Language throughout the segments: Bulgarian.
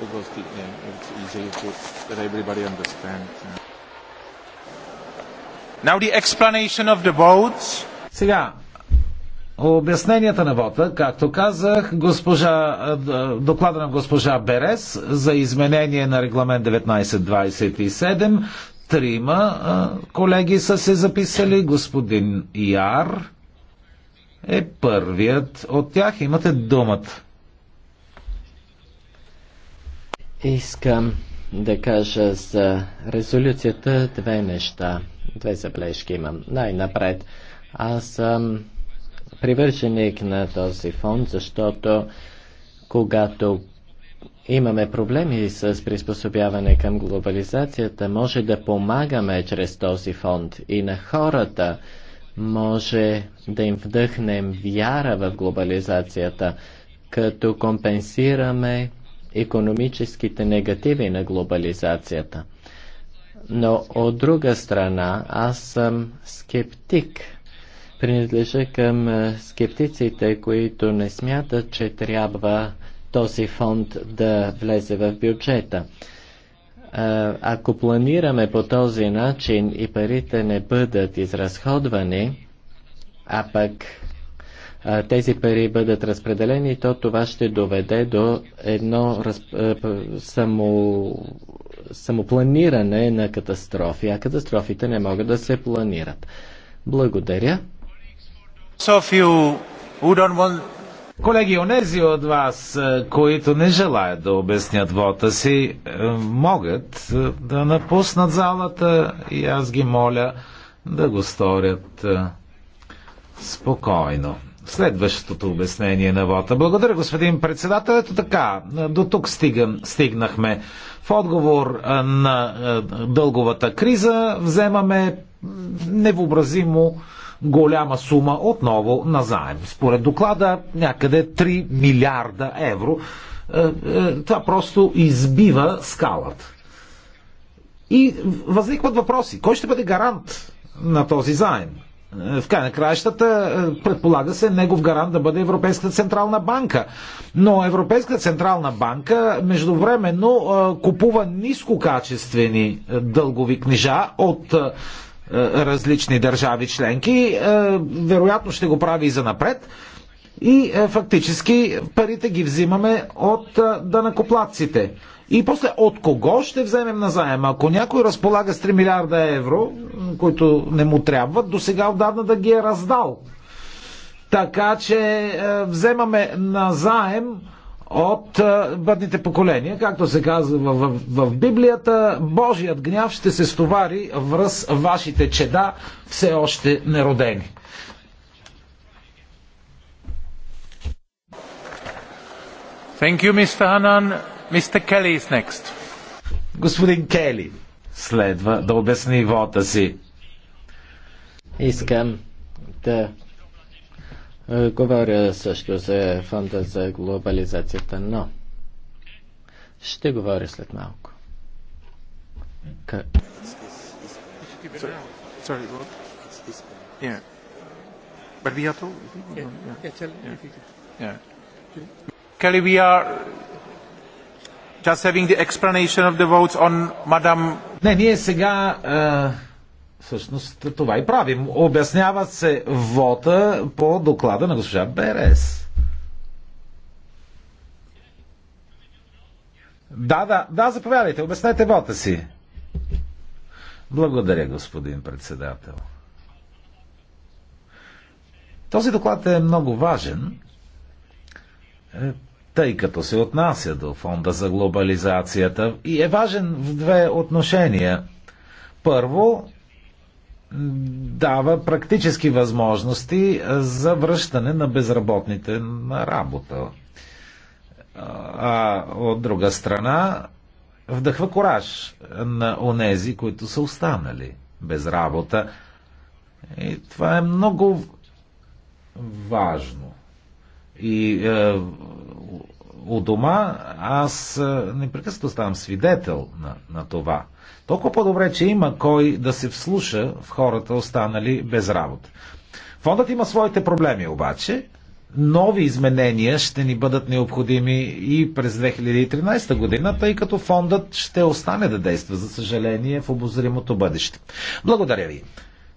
because the, it's easy to, that everybody understands. Now the explanation of the votes. Сега, обясненията на вота, както казах, госпожа, доклада на госпожа Берес за изменение на регламент 1927. Трима колеги са се записали. Господин Яр е първият от тях. Имате думата. Искам да кажа за резолюцията две неща, две забележки имам. Най-напред, аз съм привърженик на този фонд, защото когато имаме проблеми с приспособяване към глобализацията, може да помагаме чрез този фонд и на хората може да им вдъхнем вяра в глобализацията, като компенсираме економическите негативи на глобализацията. Но от друга страна, аз съм скептик. Принадлежа към е, скептиците, които не смятат, че трябва този фонд да влезе в бюджета. Е, ако планираме по този начин и парите не бъдат изразходвани, а пък тези пари бъдат разпределени, то това ще доведе до едно раз, само, самопланиране на катастрофи, а катастрофите не могат да се планират. Благодаря. Колеги, онези от вас, които не желаят да обяснят вота си, могат да напуснат залата и аз ги моля да го сторят спокойно следващото обяснение на вота. Благодаря, господин председател. Ето така, до тук стигам, стигнахме. В отговор на дълговата криза вземаме невообразимо голяма сума отново на заем. Според доклада някъде 3 милиарда евро. Това просто избива скалата. И възникват въпроси. Кой ще бъде гарант на този заем? В край на краищата е, предполага се негов гарант да бъде Европейската централна банка. Но Европейската централна банка междувременно е, купува нискокачествени е, дългови книжа от различни държави членки. Вероятно ще го прави и за напред. И фактически парите ги взимаме от данакоплатците. И после от кого ще вземем назаем? Ако някой разполага с 3 милиарда евро, които не му трябват, до сега отдавна да ги е раздал. Така че е, вземаме назаем от е, бъдните поколения. Както се казва в, в, в Библията, Божият гняв ще се стовари връз вашите чеда, все още неродени. Thank you, Mr. Hanan. Мистер Кели is next. Господин Кели следва да обясни вота си. Искам да е, говоря също за фонда за глобализацията, но ще говоря след малко. К... Kelly, we are Just having the explanation of the votes on Не, ние сега е, всъщност това и правим. Обяснява се вота по доклада на госпожа Берес. Да, да, да, заповядайте, обяснете вота си. Благодаря, господин председател. Този доклад е много важен е, тъй като се отнася до фонда за глобализацията и е важен в две отношения. Първо, дава практически възможности за връщане на безработните на работа. А от друга страна, вдъхва кораж на онези, които са останали без работа. И това е много важно. И е, у дома, аз е, непрекъснато ставам свидетел на, на това. Толкова по-добре, че има кой да се вслуша в хората, останали без работа. Фондът има своите проблеми обаче. Нови изменения ще ни бъдат необходими и през 2013 година, тъй като фондът ще остане да действа, за съжаление, в обозримото бъдеще. Благодаря ви.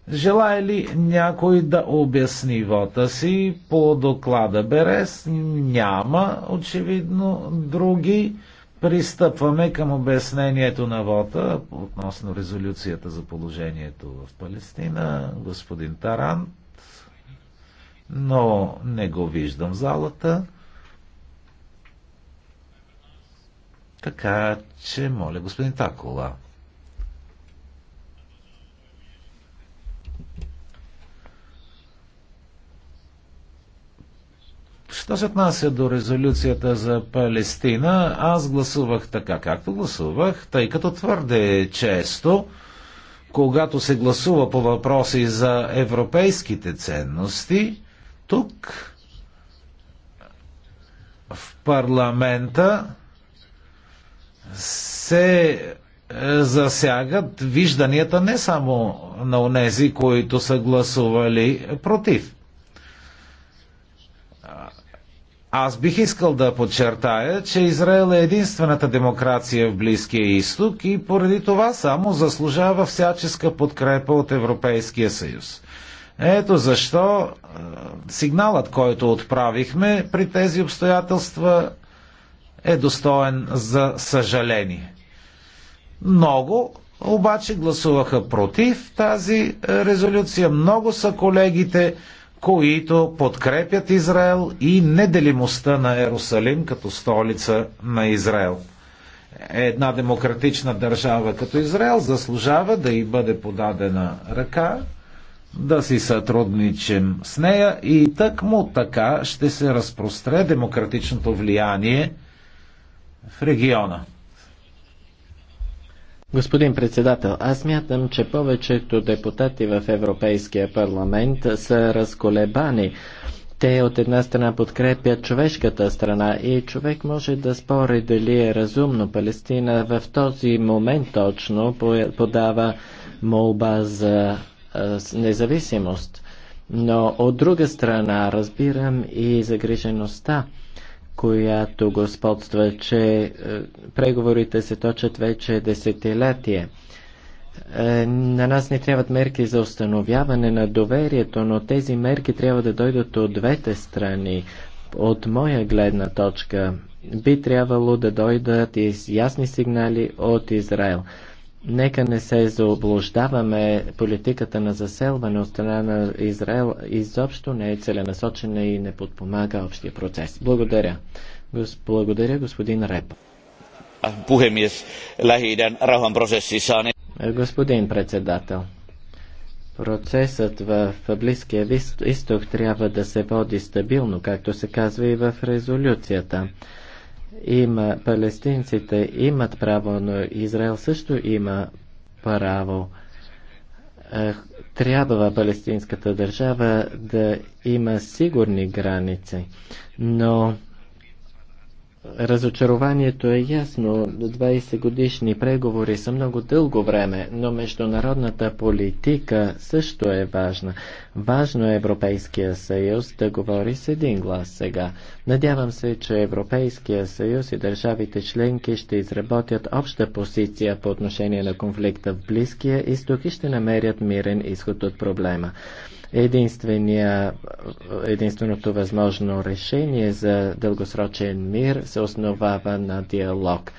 Желая ли някой да обясни вота си по доклада Берес? Няма, очевидно, други. Пристъпваме към обяснението на вота относно резолюцията за положението в Палестина. Господин Тарант, но не го виждам в залата. Така че, моля, господин Такола. Що се отнася до резолюцията за Палестина, аз гласувах така, както гласувах, тъй като твърде често, когато се гласува по въпроси за европейските ценности, тук в парламента се е, засягат вижданията не само на онези, които са гласували против. Аз бих искал да подчертая, че Израел е единствената демокрация в Близкия изток и поради това само заслужава всяческа подкрепа от Европейския съюз. Ето защо сигналът, който отправихме при тези обстоятелства е достоен за съжаление. Много обаче гласуваха против тази резолюция. Много са колегите, които подкрепят Израел и неделимостта на Ерусалим като столица на Израел. Една демократична държава като Израел заслужава да й бъде подадена ръка, да си сътрудничим с нея и так му така ще се разпростре демократичното влияние в региона. Господин председател, аз мятам, че повечето депутати в Европейския парламент са разколебани. Те от една страна подкрепят човешката страна и човек може да спори дали е разумно. Палестина в този момент точно подава молба за независимост. Но от друга страна разбирам и загрижеността която господства, че е, преговорите се точат вече десетилетие. Е, на нас не трябват мерки за установяване на доверието, но тези мерки трябва да дойдат от двете страни. От моя гледна точка би трябвало да дойдат и ясни сигнали от Израел. Нека не се заоблуждаваме политиката на заселване от страна на Израел изобщо не е целенасочена и не подпомага общия процес. Благодаря. Гос... Благодаря, господин Реп. Господин председател, процесът в Близкия изток трябва да се води стабилно, както се казва и в резолюцията има, палестинците имат право, но Израел също има право. Е, трябва палестинската държава да има сигурни граници, но Разочарованието е ясно. 20 годишни преговори са много дълго време, но международната политика също е важна. Важно е Европейския съюз да говори с един глас сега. Надявам се, че Европейския съюз и държавите членки ще изработят обща позиция по отношение на конфликта в Близкия изток и ще намерят мирен изход от проблема единственото възможно решение за дългосрочен мир се основава на диалог.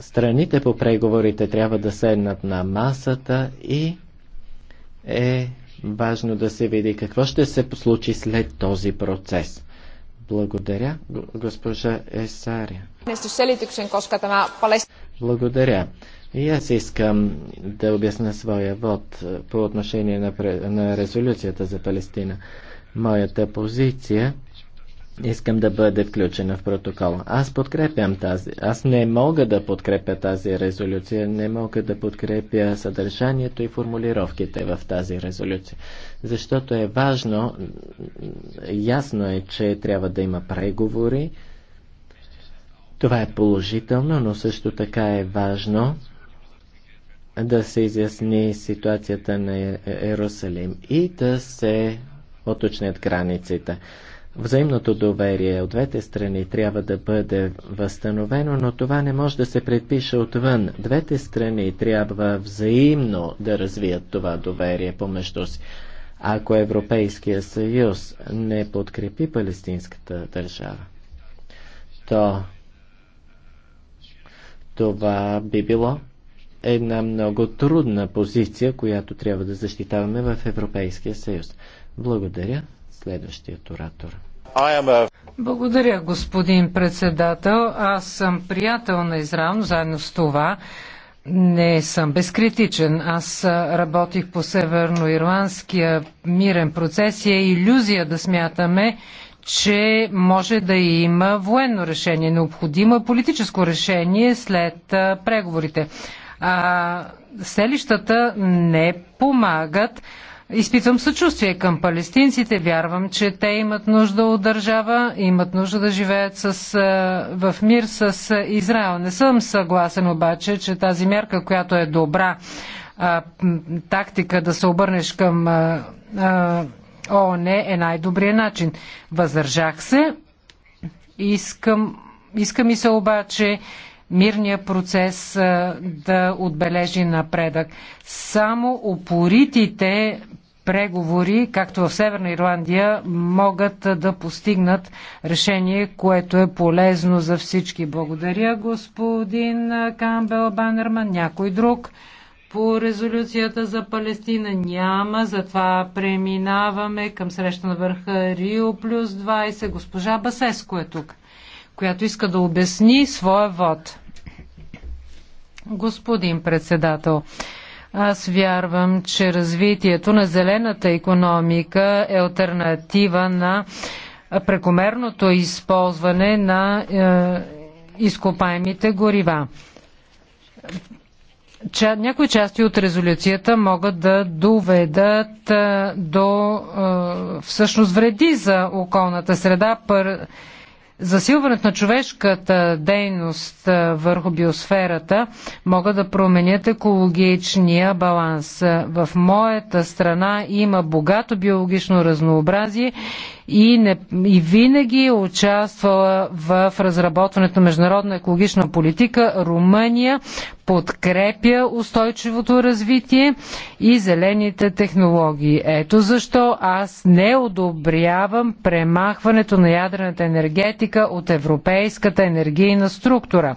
Страните по преговорите трябва да седнат на масата и е важно да се види какво ще се случи след този процес. Благодаря, госпожа Есария. Благодаря. И аз искам да обясня своя вод по отношение на, на резолюцията за Палестина. Моята позиция искам да бъде включена в протокола. Аз подкрепям тази. Аз не мога да подкрепя тази резолюция, не мога да подкрепя съдържанието и формулировките в тази резолюция. Защото е важно, ясно е, че трябва да има преговори. Това е положително, но също така е важно да се изясни ситуацията на Иерусалим е-, е-, и да се оточнят границите. Взаимното доверие от двете страни трябва да бъде възстановено, но това не може да се предпише отвън. Двете страни трябва взаимно да развият това доверие помежду си. Ако Европейския съюз не подкрепи палестинската държава, то това би било една много трудна позиция, която трябва да защитаваме в Европейския съюз. Благодаря. Следващият оратор. Благодаря, господин председател. Аз съм приятел на Израел, заедно с това не съм безкритичен. Аз работих по северноирландския мирен процес и е иллюзия да смятаме, че може да има военно решение. Необходимо политическо решение след преговорите. А, селищата не помагат. Изпитвам съчувствие към палестинците. Вярвам, че те имат нужда от държава, имат нужда да живеят с, в мир с Израел. Не съм съгласен обаче, че тази мярка, която е добра а, тактика да се обърнеш към а, а, ООН е най-добрият начин. Въздържах се. Искам, искам и се обаче мирния процес да отбележи напредък. Само упоритите преговори, както в Северна Ирландия, могат да постигнат решение, което е полезно за всички. Благодаря, господин Камбел Банерман. Някой друг? По резолюцията за Палестина няма, затова преминаваме към среща на върха Рио плюс 20. Госпожа Басеско е тук която иска да обясни своя вод. Господин председател, аз вярвам, че развитието на зелената економика е альтернатива на прекомерното използване на е, изкопаемите горива. Ча, някои части от резолюцията могат да доведат е, до е, всъщност вреди за околната среда. Пър, Засилването на човешката дейност върху биосферата могат да променят екологичния баланс. В моята страна има богато биологично разнообразие и, не, и винаги е участвала в разработването на международна екологична политика. Румъния подкрепя устойчивото развитие и зелените технологии. Ето защо аз не одобрявам премахването на ядрената енергетика от европейската енергийна структура.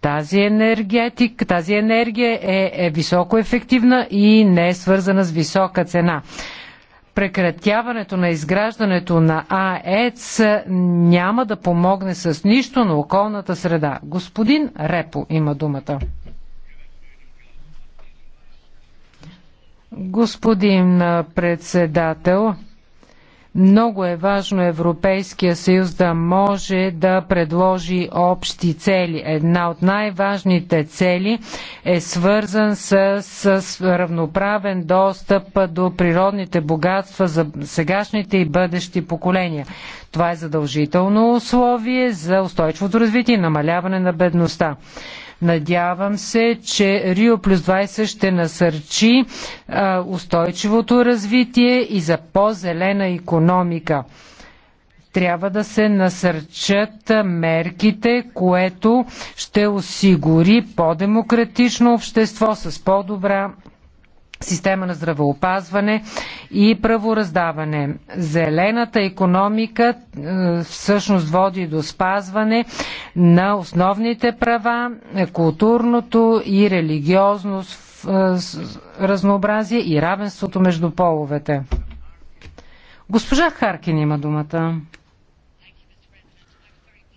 Тази, енергетик, тази енергия е, е високо ефективна и не е свързана с висока цена прекратяването на изграждането на АЕЦ няма да помогне с нищо на околната среда. Господин Репо има думата. Господин председател, много е важно Европейския съюз да може да предложи общи цели. Една от най-важните цели е свързан с, с равноправен достъп до природните богатства за сегашните и бъдещи поколения. Това е задължително условие за устойчивото развитие и намаляване на бедността. Надявам се, че Рио плюс 20 ще насърчи устойчивото развитие и за по-зелена економика трябва да се насърчат мерките, което ще осигури по-демократично общество с по-добра система на здравеопазване и правораздаване. Зелената економика е, всъщност води до спазване на основните права, е, културното и религиозно е, разнообразие и равенството между половете. Госпожа Харкин има думата.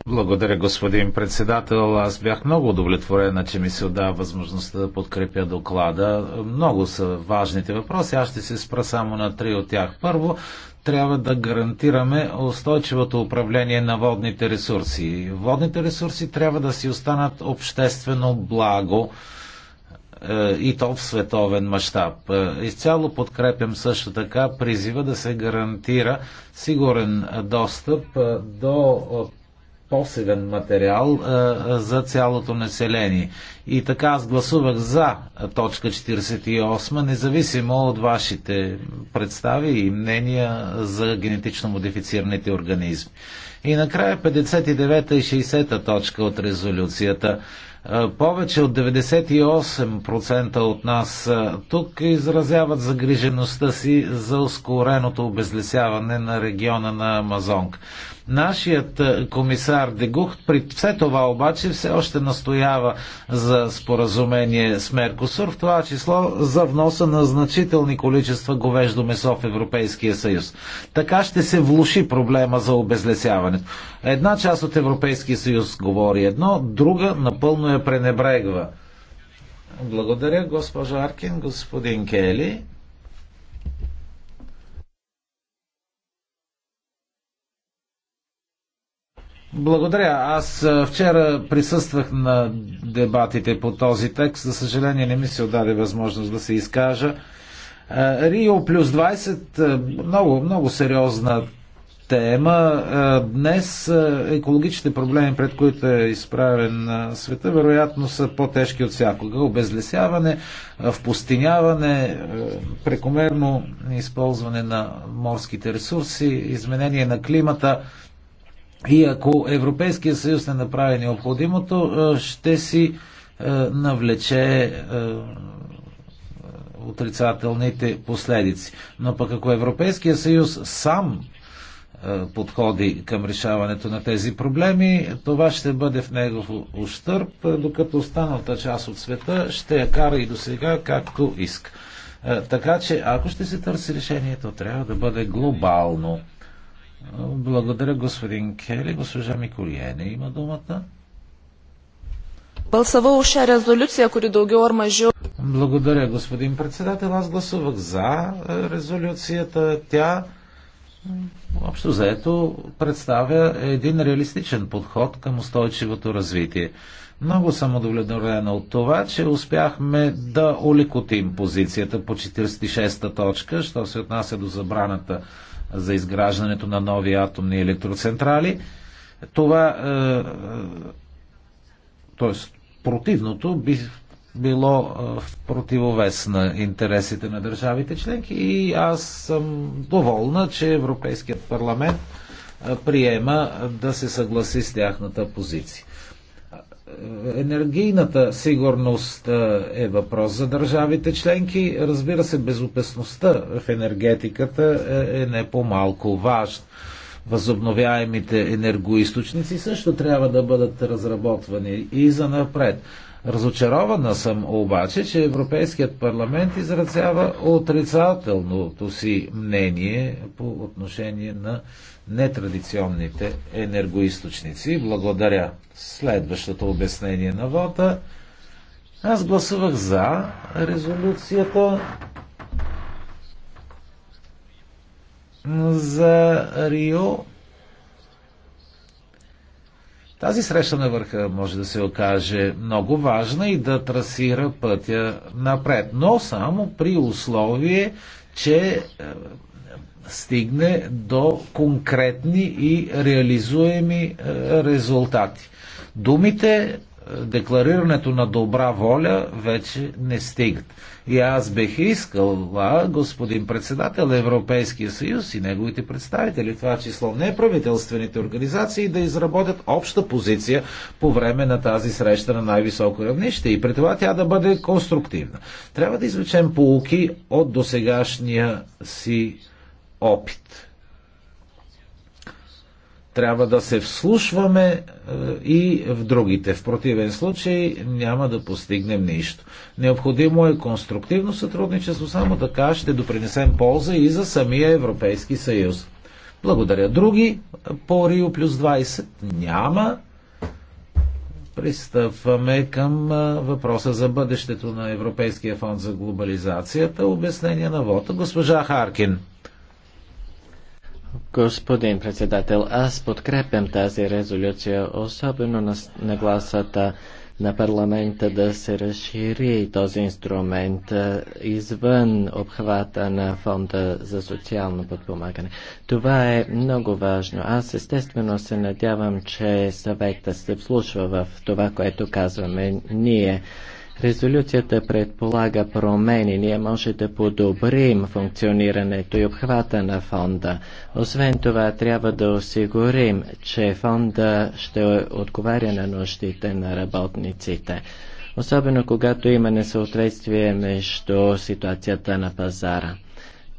Благодаря, господин председател. Аз бях много удовлетворена, че ми се отдава възможността да подкрепя доклада. Много са важните въпроси. Аз ще се спра само на три от тях. Първо, трябва да гарантираме устойчивото управление на водните ресурси. Водните ресурси трябва да си останат обществено благо е, и то в световен мащаб. Е, изцяло подкрепям също така призива да се гарантира сигурен достъп е, до посевен материал за цялото население. И така аз гласувах за точка 48, независимо от вашите представи и мнения за генетично модифицираните организми. И накрая 59 и 60 точка от резолюцията. Повече от 98% от нас тук изразяват загрижеността си за ускореното обезлесяване на региона на Амазонг. Нашият комисар Дегухт при все това обаче все още настоява за споразумение с Меркосур, в това число за вноса на значителни количества говеждо месо в Европейския съюз. Така ще се влуши проблема за обезлесяването. Една част от Европейския съюз говори едно, друга напълно е е пренебрегва. Благодаря, госпожа Аркин, господин Кели. Благодаря. Аз е, вчера присъствах на дебатите по този текст. За съжаление не ми се отдаде възможност да се изкажа. Е, Рио плюс 20, много, много сериозна тема. Е, днес е, екологичните проблеми, пред които е изправен е, света, вероятно са по-тежки от всякога. Обезлесяване, впустиняване, прекомерно използване на морските ресурси, изменение на климата. И ако Европейския съюз не направи необходимото, ще си навлече отрицателните последици. Но пък ако Европейския съюз сам е, подходи към решаването на тези проблеми, това ще бъде в негов ущърп, докато останалата част от света ще я кара и до сега както иска. Е, така че, ако ще се търси решението, трябва да бъде глобално. Е, благодаря, господин Кели. Госпожа Миколиене има думата. Благодаря, господин председател. Аз гласувах за резолюцията. Тя общо заето представя един реалистичен подход към устойчивото развитие. Много съм удовлетворена от това, че успяхме да олекотим позицията по 46-та точка, що се отнася до забраната за изграждането на нови атомни електроцентрали. Това, т.е. Е, противното, би било в противовес на интересите на държавите членки и аз съм доволна, че Европейският парламент приема да се съгласи с тяхната позиция. Енергийната сигурност е въпрос за държавите членки. Разбира се, безопасността в енергетиката е не по-малко важна. Възобновяемите енергоисточници също трябва да бъдат разработвани и за напред. Разочарована съм обаче, че Европейският парламент изразява отрицателното си мнение по отношение на нетрадиционните енергоисточници. Благодаря. Следващото обяснение на вота. Аз гласувах за резолюцията за Рио тази среща на върха може да се окаже много важна и да трасира пътя напред, но само при условие, че е, стигне до конкретни и реализуеми е, резултати. Думите декларирането на добра воля вече не стигат. И аз бех искал, а, господин председател на Европейския съюз и неговите представители, това число неправителствените организации, да изработят обща позиция по време на тази среща на най-високо равнище и при това тя да бъде конструктивна. Трябва да извлечем полуки от досегашния си опит. Трябва да се вслушваме е, и в другите. В противен случай няма да постигнем нищо. Необходимо е конструктивно сътрудничество, само така ще допринесем полза и за самия Европейски съюз. Благодаря. Други е, по Рио плюс 20 няма. Пристъпваме към е, въпроса за бъдещето на Европейския фонд за глобализацията. Обяснение на вота. Госпожа Харкин. Господин председател, аз подкрепям тази резолюция, особено на, нагласата гласата на парламента да се разшири този инструмент извън обхвата на фонда за социално подпомагане. Това е много важно. Аз естествено се надявам, че съвета се вслушва в това, което казваме ние. Резолюцията предполага промени. Ние може да подобрим функционирането и обхвата на фонда. Освен това, трябва да осигурим, че фонда ще отговаря на нуждите на работниците. Особено когато има несъответствие между ситуацията на пазара.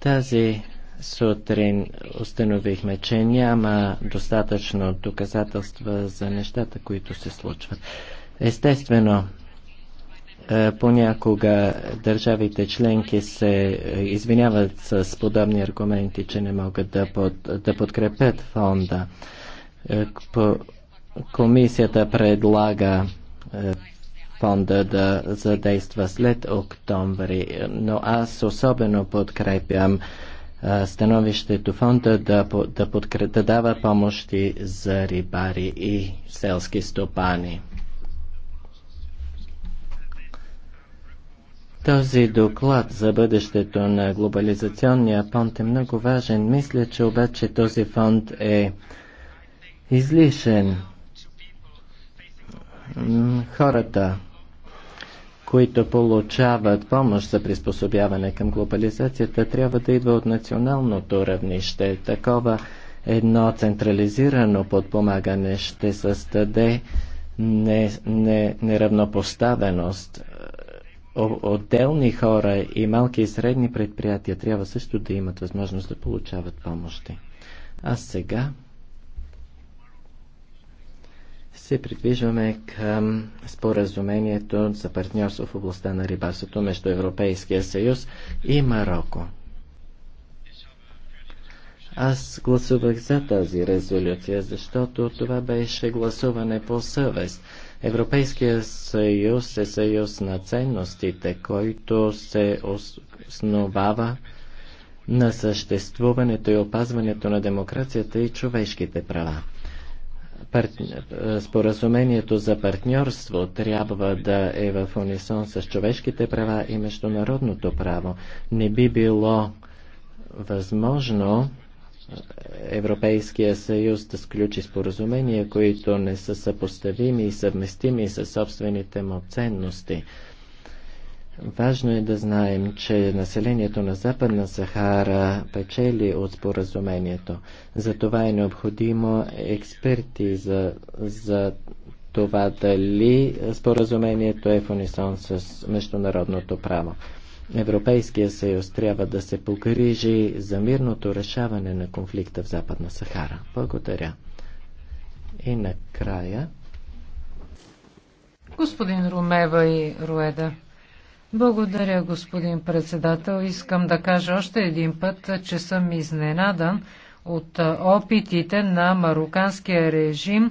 Тази сутрин установихме, че няма достатъчно доказателства за нещата, които се случват. Естествено, е, понякога държавите членки се е, извиняват с подобни аргументи, че не могат да, под, да подкрепят фонда. Е, комисията предлага фонда да задейства след октомври, но аз особено подкрепям становището фонда да, да, подкреп, да дава помощи за рибари и селски стопани. Този доклад за бъдещето на глобализационния фонд е много важен. Мисля, че обаче този фонд е излишен. Хората, които получават помощ за приспособяване към глобализацията, трябва да идва от националното равнище. Такова едно централизирано подпомагане ще създаде не, не, неравнопоставеност отделни хора и малки и средни предприятия трябва също да имат възможност да получават помощи. А сега се придвижваме към споразумението за партньорство в областта на рибарството между Европейския съюз и Марокко. Аз гласувах за тази резолюция, защото това беше гласуване по съвест. Европейския съюз е съюз на ценностите, който се основава на съществуването и опазването на демокрацията и човешките права. Пар... Споразумението за партньорство трябва да е в унисон с човешките права и международното право. Не би било възможно Европейския съюз да сключи споразумения, които не са съпоставими и съвместими с собствените му ценности. Важно е да знаем, че населението на Западна Сахара печели от споразумението. Затова е необходимо експерти за, за това дали споразумението е в унисон с международното право. Европейския съюз трябва да се погрижи за мирното решаване на конфликта в Западна Сахара. Благодаря. И накрая. Господин Румева и Руеда. Благодаря, господин председател. Искам да кажа още един път, че съм изненадан от опитите на мароканския режим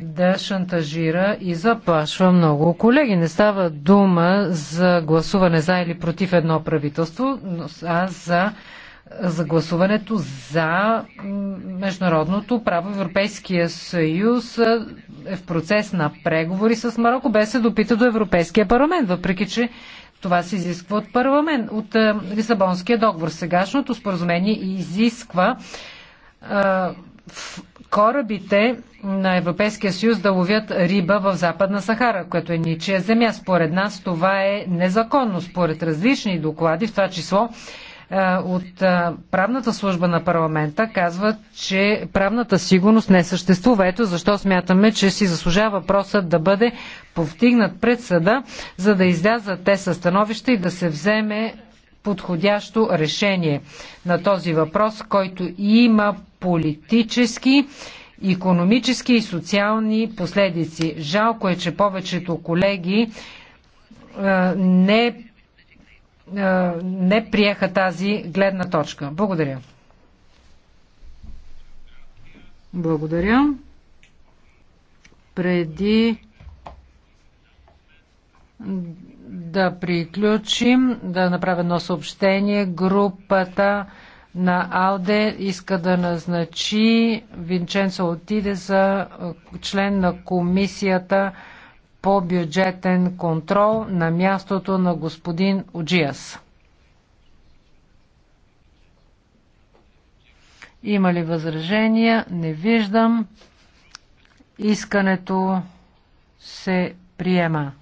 да шантажира и заплашва много колеги. Не става дума за гласуване за или против едно правителство, а за, за гласуването за международното право. Европейския съюз е в процес на преговори с Марокко, без се допита до Европейския парламент, въпреки че това се изисква от парламент, от Лисабонския договор. Сегашното споразумение изисква в корабите на Европейския съюз да ловят риба в Западна Сахара, което е ничия земя. Според нас това е незаконно. Според различни доклади, в това число е, от е, правната служба на парламента казват, че правната сигурност не съществува. Ето защо смятаме, че си заслужава въпросът да бъде повтигнат пред съда, за да излязат те със становище и да се вземе подходящо решение на този въпрос, който има политически, економически и социални последици. Жалко е, че повечето колеги е, не, е, не приеха тази гледна точка. Благодаря. Благодаря. Преди да приключим, да направя едно съобщение. Групата на АЛДЕ иска да назначи Винченцо Отиде за е, член на комисията по бюджетен контрол на мястото на господин Оджиас. Има ли възражения? Не виждам. Искането се приема.